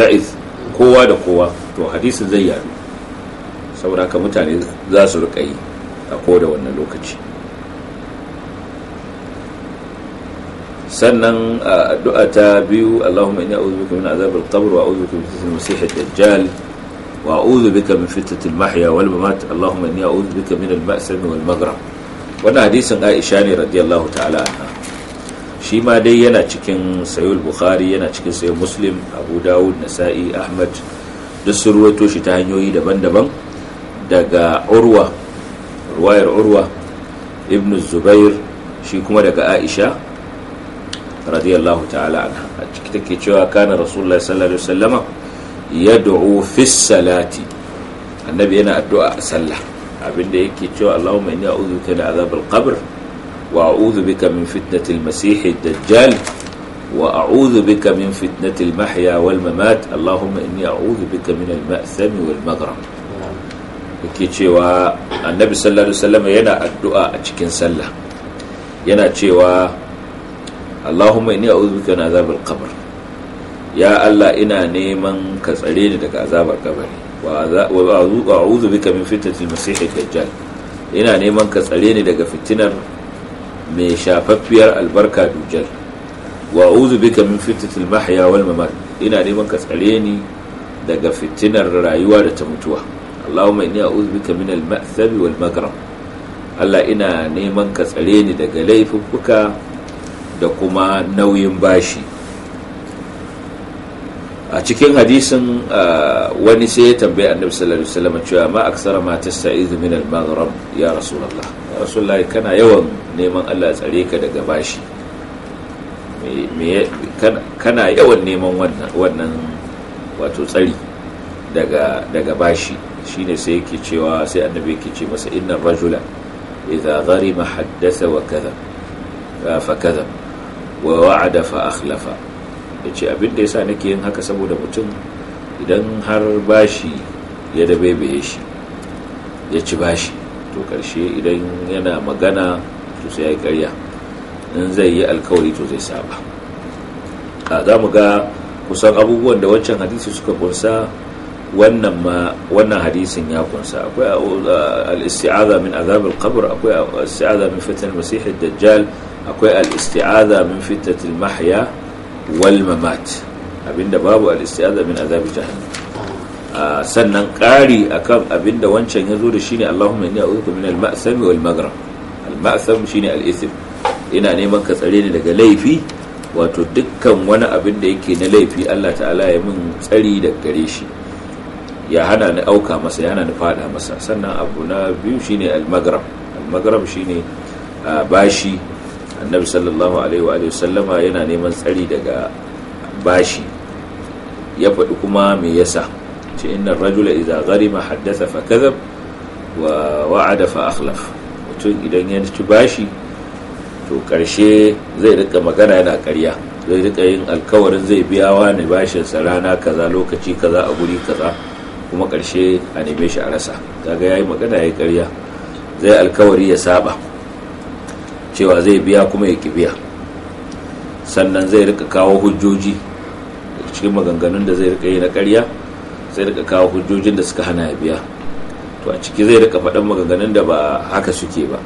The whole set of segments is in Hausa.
yasta'iz kowa da kowa to hadisin zai yaro saboda haka mutane za su rika yi a koda wannan lokaci sannan a addu'a ta biyu Allahumma inni a'udhu bika min azabil qabr wa a'udhu bika min fitnatil masiih ad-dajjal wa a'udhu bika min fitnatil mahya wal mamat Allahumma inni a'udhu bika min al-ma'sam wal maghrab wannan hadisin Aisha ne radiyallahu ta'ala anha shi ma dai yana cikin sayul bukhari yana cikin sayul muslim abu dawud nasa'i ahmad duk sun ruwaito shi ta hanyoyi daban-daban daga urwa ruwayar urwa ibn zubair shi kuma daga aisha radiyallahu ta'ala anha a ciki take cewa kana rasulullahi sallallahu alaihi wasallama yad'u fi salati annabi yana addu'a a sallah abinda yake cewa allahumma inni a'udhu bika min azabil qabr وأعوذ بك من فتنة المسيح الدجال وأعوذ بك من فتنة المحيا والممات اللهم إني أعوذ بك من المأثم والمغرم yake cewa annabi sallallahu alaihi wasallam yana addu'a a cikin sallah yana cewa Allahumma inni a'udhu bika min azabil qabr ya Allah ina neman ka tsare ni daga azabar kabari wa a'udhu bika min fitnatil masih dajjal ina neman ka tsare ni daga fitinar mai shafaffiyar albarka dujal wa uzu bika min fitnatil mahya wal mamat ina neman ka tsare ni daga fitinar rayuwa da ta mutuwa Allahumma inni a'udhu bika min al-ma'thab wal maghrab Allah ina neman ka tsare ni daga laifuka da kuma nauyin bashi a cikin hadisin uh, wani sai ya tambayi annabi sallallahu alaihi wasallam cewa ma aksara ma tasta'izu min al-maghrib ya rasulullah ya rasulullah kana yawan neman Allah tsare ka daga bashi kana yawan neman wannan wato tsari daga daga bashi shine sai yake cewa sai annabi yake ce masa inna rajula idza gharima haddatha wa kadha fa kadha wa wa'ada fa akhlafa ya ce abin da ya sa nake yin haka saboda mutum idan har bashi ya da dabaibaye shi ya ci bashi to karshe idan yana magana to sai ya yi karya in zai yi alkawari to zai saba a za mu ga kusan abubuwan da wancan hadisi suka kunsa wannan ma wannan hadisin ya kunsa akwai al-isti'aza min azab al-qabr akwai al-isti'aza min fitnat al-masih ad-dajjal akwai al-isti'aza min fitnat al-mahya walmamat mamat abinda babu al-istiaza min azab jahannam ah, sannan ƙari akan abinda wancan ya zo da shine Allahumma inni a'udhu min al-ma'sam wal maghrib al-ma'sam shine al ina neman ka tsare ni daga laifi wato dukkan wani abin da yake na laifi Allah ta'ala ya min tsari da gare shi ya hana ni auka masa ya hana ni fada masa sannan abu na biyu shine al-maghrib al-maghrib shine ah, bashi annabi sallallahu alaihi wa sallama yana neman tsari daga bashi ya faɗi kuma me yasa ce inna rajula idza gharima haddatha fa kadhab wa wa'ada fa akhlaf mutum idan ya ci bashi to karshe zai rika magana yana ƙarya zai rika yin alkawarin zai biya wa ne bashin sa rana kaza lokaci kaza a guri kaza kuma karshe a neme shi a rasa kaga yayi magana yayi ƙarya zai alkawari ya saba cewa zai biya kuma ya ki biya sannan zai rika kawo hujjoji cikin maganganun da zai rika yi na karya zai rika kawo hujjojin da suka hana ya biya to a ciki zai rika faɗan maganganun da ba haka suke ba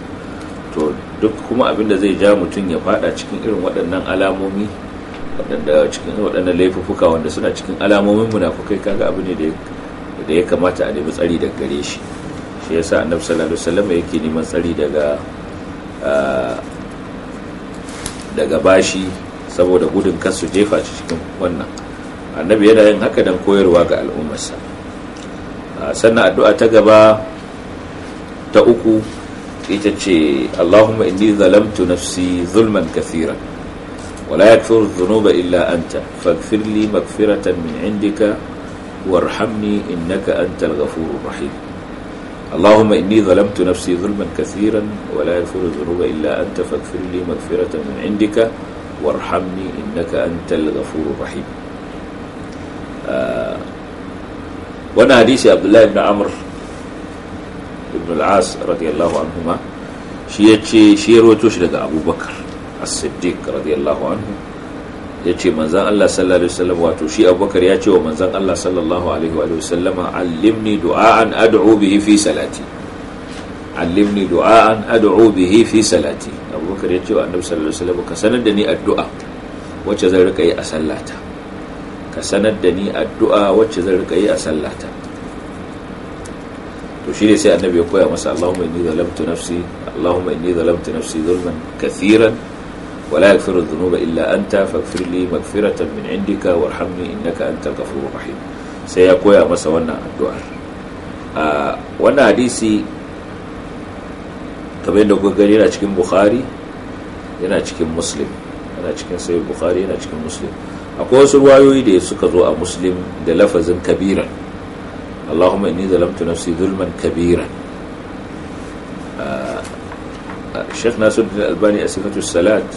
to duk kuma abin da zai ja mutum ya faɗa cikin irin waɗannan alamomi waɗanda cikin waɗannan laifuka wanda suna cikin alamomin munafukai kaga abu ne da ya kamata a nemi tsari daga gare shi shi yasa annabi sallallahu alaihi wasallam yake neman tsari daga daga bashi saboda gudun kansu jefa shi cikin wannan annabi yana yin haka don koyarwa ga al'ummarsa ah, sannan addu'a ta gaba ta uku ita ce allahumma inni zalamtu nafsi zulman kathira ولا يكفر الذنوب إلا أنت فاغفر لي مغفرة من عندك وارحمني antal أنت الغفور اللهم إني ظلمت نفسي ظلما كثيرا ولا يغفر الذنوب إلا أنت فاغفر لي مغفرة من عندك وارحمني إنك أنت الغفور الرحيم آه وانا حديث عبد الله بن عمرو بن العاص رضي الله عنهما شيء شيء روتوش لدى أبو بكر الصديق رضي الله عنه ya ce manzan Allah sallallahu alaihi wasallam wato shi abubakar ya ce wa manzan Allah sallallahu alaihi wa sallama allimni du'a'an ad'u bihi fi salati allimni du'a'an ad'u bihi fi salati abubakar ya ce wa annabi sallallahu alaihi wasallam ka sanar da ni addu'a wacce zan rika yi a sallata ka sanar da ni addu'a wacce zan rika yi a sallata to shi ne sai annabi ya koya masa Allahumma inni zalamtu nafsi Allahumma inni zalamtu nafsi zulman kathiran ولا يغفر الذنوب إلا أنت فاغفر لي مغفرة من عندك وارحمني إنك أنت الغفور الرحيم سيقوى مسا wannan addu'ar wannan hadisi kamar yadda kuka gani yana cikin bukhari yana cikin muslim yana cikin sai bukhari yana cikin muslim akwai wasu ruwayoyi da suka zo a muslim da lafazin Kabira. allahumma inni zalamtu nafsi zulman kabiran sheikh nasiruddin albani a salat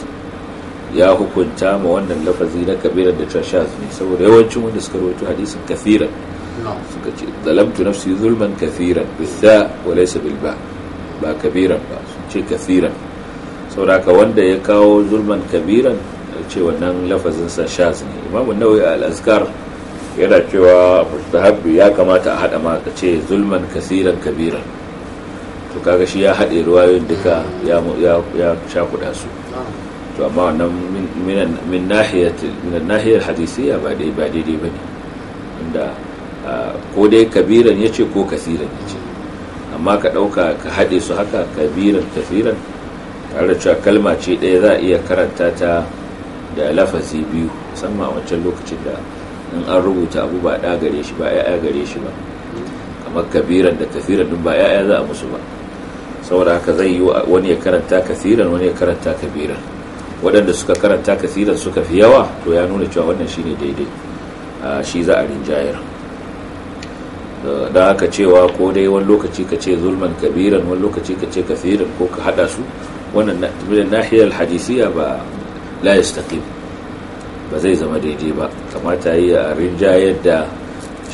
ya hukunta ma wannan lafazi na kabiran da tashaz saboda yawancin wanda suka rubuta hadisin kafiran suka ce zalamtu nafsi zulman kafiran bitha wa laysa bil ba ba kabiran ba sun ce kafiran saboda wanda ya kawo zulman kabiran ce wannan lafazin sa shaz ne imamu nawawi al azkar yana cewa mustahabbi ya kamata a hada ma ka ce zulman kasiran kabiran to kaga shi ya haɗe ruwayoyin duka ya ya kuɗa su to amma wannan min nahiyar hadisiya ba dai ba daidai ba ne inda ko dai kabiran ya ce ko kasiran ya ce amma ka ɗauka ka haɗe su haka kabiran kasiran tare da cewa kalma ce ɗaya za a iya karanta ta da lafazi biyu musamman a wancan lokacin da in an rubuta abu ba ɗa gare shi ba yaya gare shi ba kamar kabiran da kafiran din ba ya'ya za a musu ba saboda haka zai yi wani ya karanta kafiran wani ya karanta kabiran waɗanda suka karanta kasiran suka fi yawa to ya nuna cewa wannan shine daidai shi za a rinjayar da aka cewa ko dai wani lokaci ka ce zulman kabiran wani lokaci ka ce kafiran ko ka hada su wannan nahiyar hadisiya ba la yastaqim ba zai zama daidai ba kamata yi a rinjayar da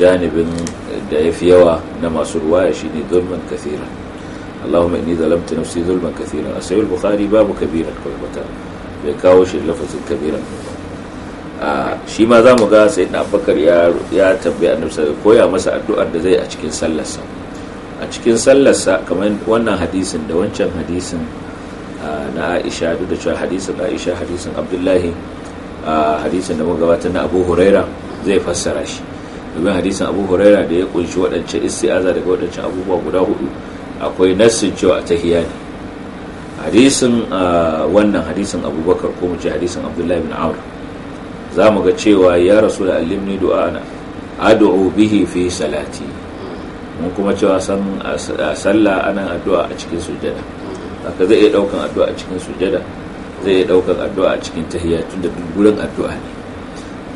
janibin da ya fi yawa na masu ruwaya ne zulman kafiran allahumma inni ظلمت نفسي ظلما كثيرا أسعي البخاري babu كبيرا كل مكان ya kawo shi lafazin kabira shi ma za mu ga sai na bakar ya tambayi annabi ya koya masa addu'ar da zai a cikin sallarsa a cikin sallarsa kamar wannan hadisin da wancan hadisin na Aisha duk da cewa hadisin Aisha hadisin Abdullahi hadisin da gabatar na Abu Huraira zai fassara shi domin hadisin Abu Huraira da ya kunshi waɗancan isti'aza daga waɗancan abubuwa guda hudu akwai nassin cewa ta hiyani. hadisin wannan hadisin abubakar ko mu ce hadisin abdullahi bin amr za mu ga cewa ya rasu da allimni du'ana adu'o bihi fi salati mun kuma cewa san sallah ana addu'a a cikin sujada haka zai iya daukan addu'a a cikin sujada zai iya daukan addu'a a cikin tahiyya tunda duk gurin addu'a ne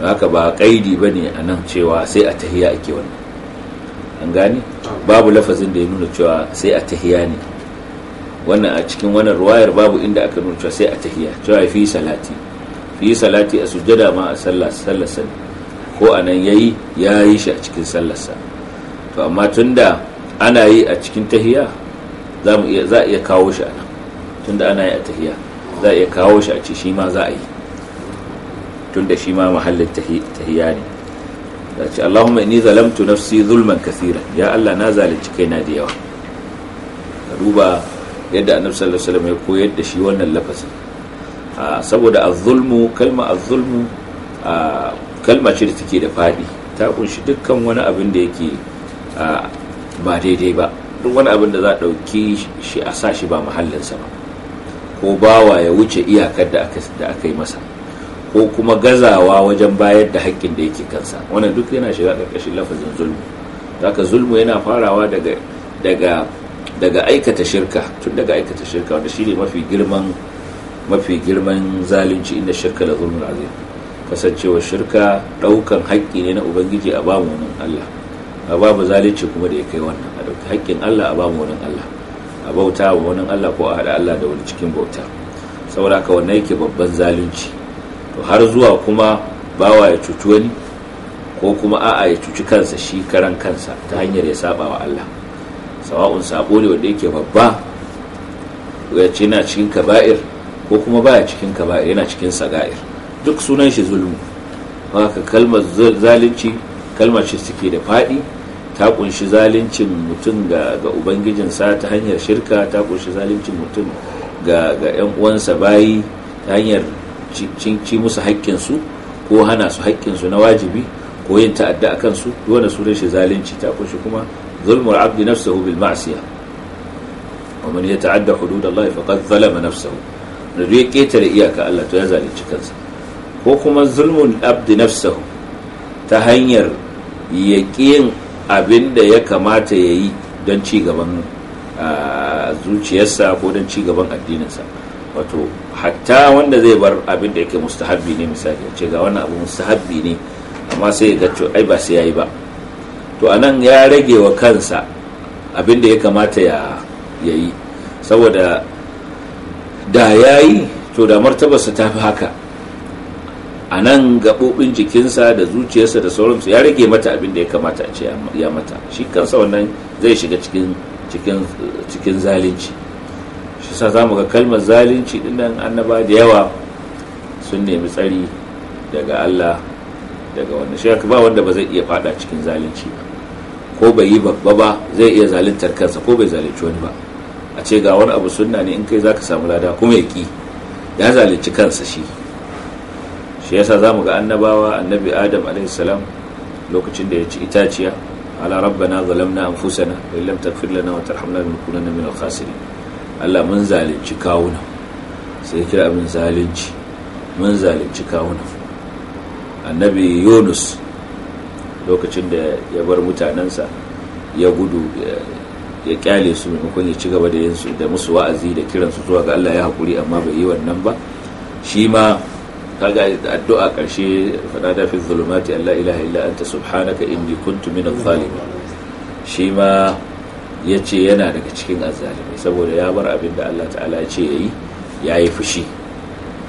haka ba kaidi bane a nan cewa sai a tahiyya ake wannan an gane babu lafazin da ya nuna cewa sai a tahiya ne wannan a cikin wannan ruwayar babu inda aka nuna cewa sai a tahiyya cewa fi salati fi salati a sujjada ma a sallah sallarsa ko a nan yayi ya yi shi a cikin sallarsa to amma tun da ana yi a cikin tahiya, za mu iya za iya kawo shi a nan tun da ana yi a tahiya, za iya kawo shi a ce shi ma za a yi Tun da shi ma mahallin tahiya ne za ce Allahumma inni zalamtu nafsi zulman kathira ya Allah na zalunci kaina da yawa Ka duba yadda annabi sallallahu alaihi wasallam ya koyar da shi wannan lafazi saboda az-zulmu kalma az-zulmu kalma ce da take da fadi ta kunshi dukkan wani abin da yake ba daidai ba duk wani abin da za a ɗauki shi a sa shi ba sa ba ko bawa ya wuce iyakar da aka yi masa ko kuma gazawa wajen bayar da haƙƙin da yake kansa wannan duk yana shiga ƙarƙashin lafazin zulmu zaka zulmu yana farawa daga daga daga aikata shirka tun daga aikata shirka wanda shine mafi girman mafi girman zalunci inda shirka da zulmun azim kasancewa shirka daukan haƙƙi ne na ubangiji a bamu nan Allah a babu zalunci kuma da ya kai wannan a dauki haƙƙin Allah a bamu nan Allah a bauta wa wani Allah ko a hada Allah da wani cikin bauta saboda haka wannan yake babban zalunci to har zuwa kuma bawa ya cuci wani ko kuma a'a ya cuci kansa shi karan kansa ta hanyar ya saba wa Allah sawa'un sabo ne wanda yake babba ya ce yana cikin kaba'ir ko kuma baya cikin kaba'ir yana cikin saga'ir duk sunan shi zulmu haka kalmar zalunci kalmar shi suke da faɗi ta kunshi zaluncin mutum ga ubangijinsa ta hanyar shirka ta kunshi zaluncin mutum ga 'yan uwansa bayi ta hanyar cinci musu haƙƙinsu ko hana su haƙƙinsu na wajibi ko yin ta'adda a kansu dole sunan shi zalunci ta kunshi kuma ظلم العبد نفسه بالمعصية ya يتعدى حدود da فقد ظلم نفسه wanda duk ya ketare iyaka Allah to ya zalunci kansa ko kuma zulmun abdi nafsahu ta hanyar ya yin abin da ya kamata ya yi don ci gaban zuciyarsa ko don ci gaban addininsa wato hatta wanda zai bar abin da yake mustahabbi ne misali ce ga wannan abu mustahabbi ne amma sai ya ga ai ba sai yi ba to a nan ya rage wa kansa abin da ya kamata ya yi saboda da ya yi to da martabarsa ta fi haka a nan gaɓoɓin jikinsa da zuciyarsa da sauransu ya rage mata abin da ya kamata a ce ya mata shi kansa wannan zai shiga cikin zalunci shi sa za mu ga kalmar zalunci dinnan annaba da yawa sun nemi tsari daga allah daga wannan shi ba wanda ba zai iya fada cikin zalunci ba ko bai yi babba ba zai iya zalintar kansa ko bai zalunci wani ba a ce ga wani abu sunna ne in kai za ka samu lada kuma ya ki ya zalunci kansa shi shi yasa mu ga annabawa annabi adam alaihi lokacin da ya ci itaciya ala rabbana zalamna anfusana wa lam taghfir lana wa tarhamna lanakunanna minal khasirin Allah mun zalunci kawuna sai kira abin zalunci mun zalunci kawuna annabi yunus lokacin da ya bar mutanensa ya gudu ya kyale su maimakon ya ci gaba da yinsu da musu wa'azi da kiransu zuwa ga Allah ya haƙuri amma bai yi wannan ba shi ma kaga addu'a ƙarshe faɗa da fi zulumati Allah ilaha illa anta subhanaka inni kuntu min zalimin shi ma ya ce yana daga cikin azzalimai saboda ya bar abin da Allah ta'ala ya ce ya yi ya yi fushi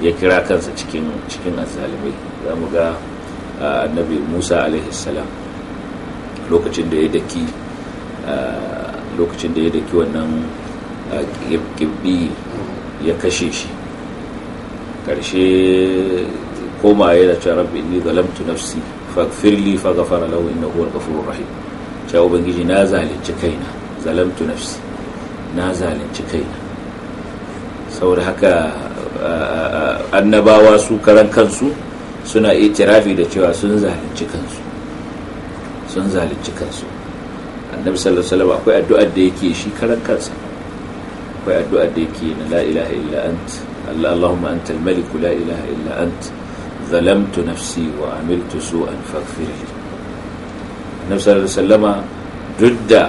ya kira kansa cikin cikin azzalimai za mu ga annabi musa alaihissalam lokacin da ya daki lokacin da ya daki wannan gibbi ya kashe shi karshe koma da cewa rabbi inni zalamtu nafsi faghfirli faghfara lahu innahu al-ghafurur rahim cewa ubangiji na zalunci kaina zalamtu nafsi na zalunci kaina saboda haka annabawa su karan kansu suna itirafi da cewa sun zalunci kansu sun zalunci kansu annabi sallallahu alaihi wasallam akwai addu'ar da yake shi karan kansa akwai addu'ar da yake na la ilaha illa ant Allah Allahumma antal malik la ilaha illa ant zalamtu nafsi wa amiltu su'an faghfir li annabi sallallahu alaihi wasallam duk da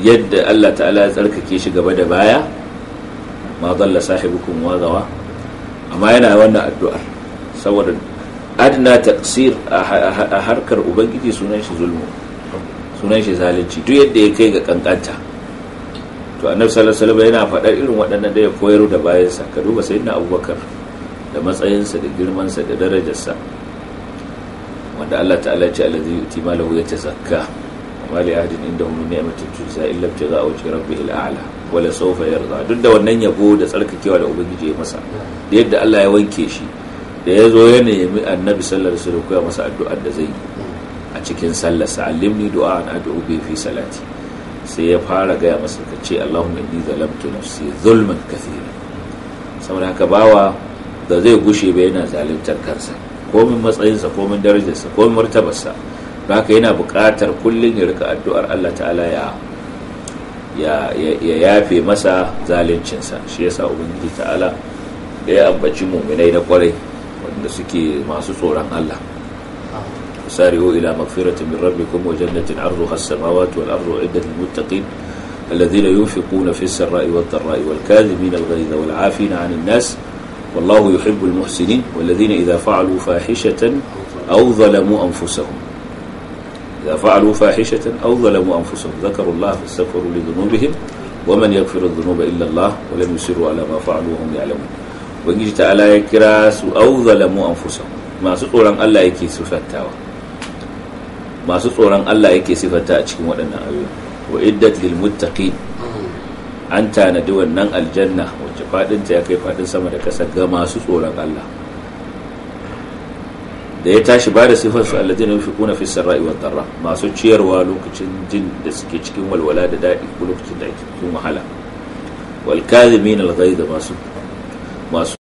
yadda Allah ta'ala ya tsarkake shi gaba da baya ma dalla sahibukum wa gawa amma yana wannan addu'ar saboda adna taqsir a harkar ubangiji sunan shi zulmu sunan shi zalunci duk yadda ya kai ga kankanta to annabi sallallahu alaihi wasallam yana faɗar irin waɗannan da ya koyar da bayansa ka duba sayyidina abubakar da matsayinsa da girmansa da darajarsa wanda Allah ta'ala ya ce allazi yuti malahu yatazakka wa li ahadin indahu min ni'matin tujza illa ibtigha rabbi rabbihil a'la wala sawfa yarda duk da wannan yabo da tsarkakewa da ubangiji ya masa da yadda Allah ya wanke shi da ya zo ya nemi annabi sallar su da koya masa addu'ar da zai yi a cikin sallar alimni du'a an addu'u bi fi salati sai ya fara gaya masa ka ce Allahumma inni zalamtu nafsi zulman kathira saboda haka bawa da zai gushe ba yana zaluntar kansa komin matsayinsa komin darajarsa komin martabarsa haka yana buƙatar kullum ya rika addu'ar Allah ta'ala ya ya yafe masa zaluncinsa shi yasa ubangiji ta'ala da ya ambaci muminai na kwarai da suke masu tsoron Allah sariho ila magfiratin min rabbikum wa jannatin arduha as-samawati wal ardu iddat lil muttaqin alladhina yunfiquna fis sarai wad dharai wal kadhibina al ghayza wal 'afina 'anil nas wallahu yuhibbul muhsinin walladhina idha fa'alu fahishatan aw zalamu anfusahum idha fa'alu fahishatan aw zalamu anfusahum dhakaru Allah fastaghfiru li dhunubihim wa man yaghfiru ومن يغفر الذنوب إلا الله ولم يسروا على ما فعلوا hum ya'lamun ubangiji ta'ala ya kira su auzalamu anfusahum masu tsoron Allah yake sifantawa masu tsoron Allah yake sifanta a cikin waɗannan ayoyi wa iddat lil muttaqin an tanadi wannan aljanna wacce fadinta ya kai fadin sama da ƙasa ga masu tsoron Allah da ya tashi ba da sifar su alladin yunfiquna fi sarra'i wad darra masu ciyarwa lokacin jin da suke cikin walwala da daɗi ko lokacin da ake cikin wahala wal kadhimin al da masu was